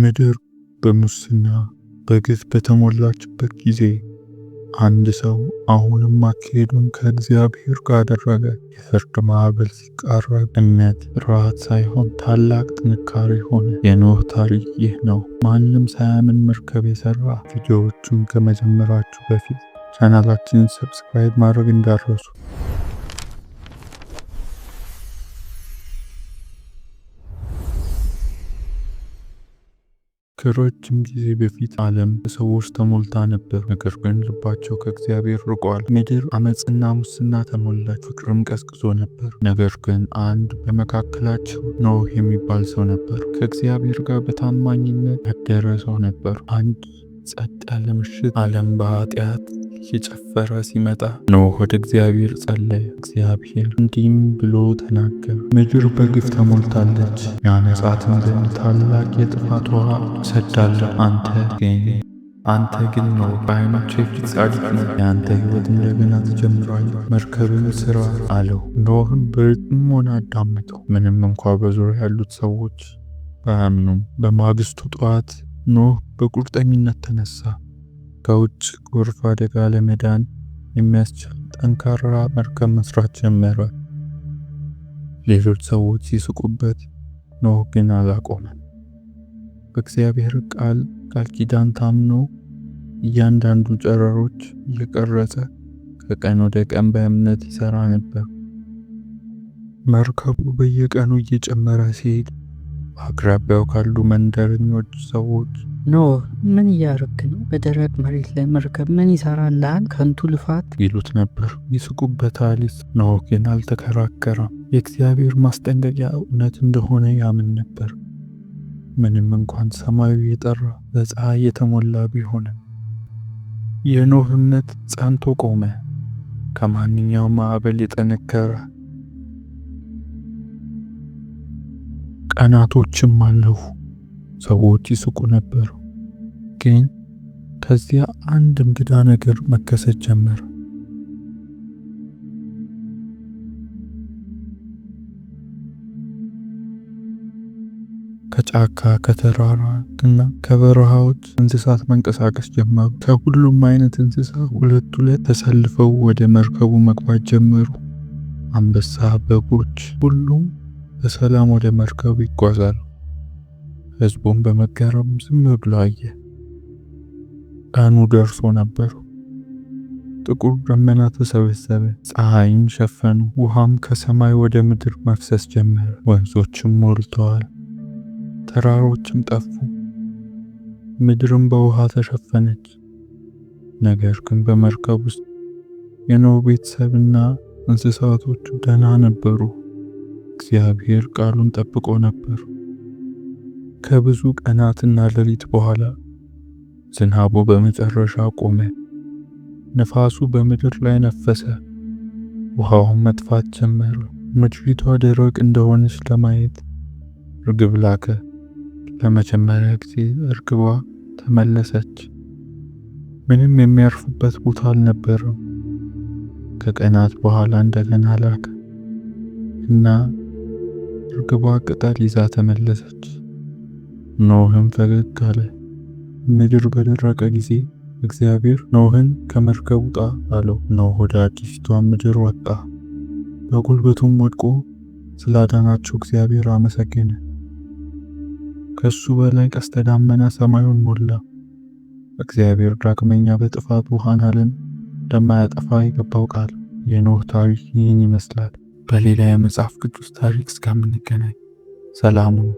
ምድር በሙስና በግፍ በተሞላችበት ጊዜ አንድ ሰው አሁንም አካሄዱን ከእግዚአብሔር ጋር አደረገ። የፍርድ ማዕበል ሲቃረብ እምነት ፍርሃት ሳይሆን ታላቅ ጥንካሬ ሆነ። የኖህ ታሪክ ይህ ነው። ማንም ሳያምን መርከብ የሰራ። ቪዲዮዎቹን ከመጀመራችሁ በፊት ቻናላችንን ሰብስክራይብ ማድረግ እንዳረሱ ከረጅም ጊዜ በፊት ዓለም በሰዎች ተሞልታ ነበር፣ ነገር ግን ልባቸው ከእግዚአብሔር ርቋል። ምድር አመፅና ሙስና ተሞላች፣ ፍቅርም ቀዝቅዞ ነበር። ነገር ግን አንድ በመካከላቸው ኖህ የሚባል ሰው ነበር። ከእግዚአብሔር ጋር በታማኝነት ያደረ ሰው ነበር። አንድ ጸጥ ያለ ምሽት ዓለም በኃጢአት እየጨፈረ ሲመጣ ኖህ ወደ እግዚአብሔር ጸለየ። እግዚአብሔር እንዲህም ብሎ ተናገረ፣ ምድር በግፍ ተሞልታለች፣ ያነጻትም ዘንድ ታላቅ የጥፋት ውሃ እሰዳለሁ። አንተ ግን አንተ ግን ነው በዓይኖቼ የፊት ጻድቅ ነው፣ የአንተ ሕይወት እንደገና ተጀምሯል፣ መርከብን ስራ አለው። ኖህም በጥሞና አዳመጠው፣ ምንም እንኳ በዙሪያ ያሉት ሰዎች አያምኑም። በማግስቱ ጠዋት ኖህ በቁርጠኝነት ተነሳ። ከውጭ ጎርፍ አደጋ ለመዳን የሚያስችል ጠንካራ መርከብ መስራት ጀመረ። ሌሎች ሰዎች ሲስቁበት፣ ኖህ ግን አላቆመም። በእግዚአብሔር ቃል ቃል ኪዳን ታምኖ እያንዳንዱ ጨረሮች እየቀረጸ ከቀን ወደ ቀን በእምነት ይሰራ ነበር። መርከቡ በየቀኑ እየጨመረ ሲሄድ በአቅራቢያው ካሉ መንደረኞች ሰዎች ኖህ ምን እያረክ ነው? በደረቅ መሬት ላይ መርከብ ምን ይሰራልሃል? ከንቱ ልፋት ይሉት ነበር። ይስቁበታል። ኖህ ግን አልተከራከረም። የእግዚአብሔር ማስጠንቀቂያ እውነት እንደሆነ ያምን ነበር። ምንም እንኳን ሰማዩ የጠራ በፀሐይ የተሞላ ቢሆንም የኖህ እምነት ጸንቶ ቆመ። ከማንኛውም ማዕበል የጠነከረ ቀናቶችም አለፉ። ሰዎች ይስቁ ነበር። ግን ከዚያ አንድ እንግዳ ነገር መከሰት ጀመረ። ከጫካ ከተራራ እና ከበረሃዎች እንስሳት መንቀሳቀስ ጀመሩ። ከሁሉም አይነት እንስሳ ሁለት ሁለት ተሰልፈው ወደ መርከቡ መግባት ጀመሩ። አንበሳ፣ በጎች፣ ሁሉም በሰላም ወደ መርከቡ ይጓዛሉ። ህዝቡን በመገረም ዝም ብሎ አየ። ቀኑ ደርሶ ነበር። ጥቁር ደመና ተሰበሰበ፣ ፀሐይን ሸፈኑ። ውሃም ከሰማይ ወደ ምድር መፍሰስ ጀመረ። ወንዞችም ሞልተዋል፣ ተራሮችም ጠፉ፣ ምድርም በውሃ ተሸፈነች። ነገር ግን በመርከብ ውስጥ የኖህ ቤተሰብና እንስሳቶቹ ደህና ነበሩ። እግዚአብሔር ቃሉን ጠብቆ ነበር። ከብዙ ቀናትና ሌሊት በኋላ ዝናቡ በመጨረሻ ቆመ። ነፋሱ በምድር ላይ ነፈሰ፣ ውሃውን መጥፋት ጀመረ። ምድሪቷ ደረቅ እንደሆነች ለማየት እርግብ ላከ። ለመጀመሪያ ጊዜ እርግቧ ተመለሰች። ምንም የሚያርፉበት ቦታ አልነበረም። ከቀናት በኋላ እንደገና ላከ እና እርግቧ ቅጠል ይዛ ተመለሰች። ኖህም ፈገግ አለ። ምድር በደረቀ ጊዜ እግዚአብሔር ኖህን ከመርከብ ውጣ አለው። ኖህ ወደ አዲሲቷ ምድር ወጣ። በጉልበቱም ወድቆ ስላዳናቸው እግዚአብሔር አመሰገነ። ከሱ በላይ ቀስተ ዳመና ሰማዩን ሞላ። እግዚአብሔር ዳግመኛ በጥፋት ውሃን ዓለም እንደማያጠፋ የገባው ቃል። የኖህ ታሪክ ይህን ይመስላል። በሌላ የመጽሐፍ ቅዱስ ታሪክ እስከምንገናኝ ሰላሙን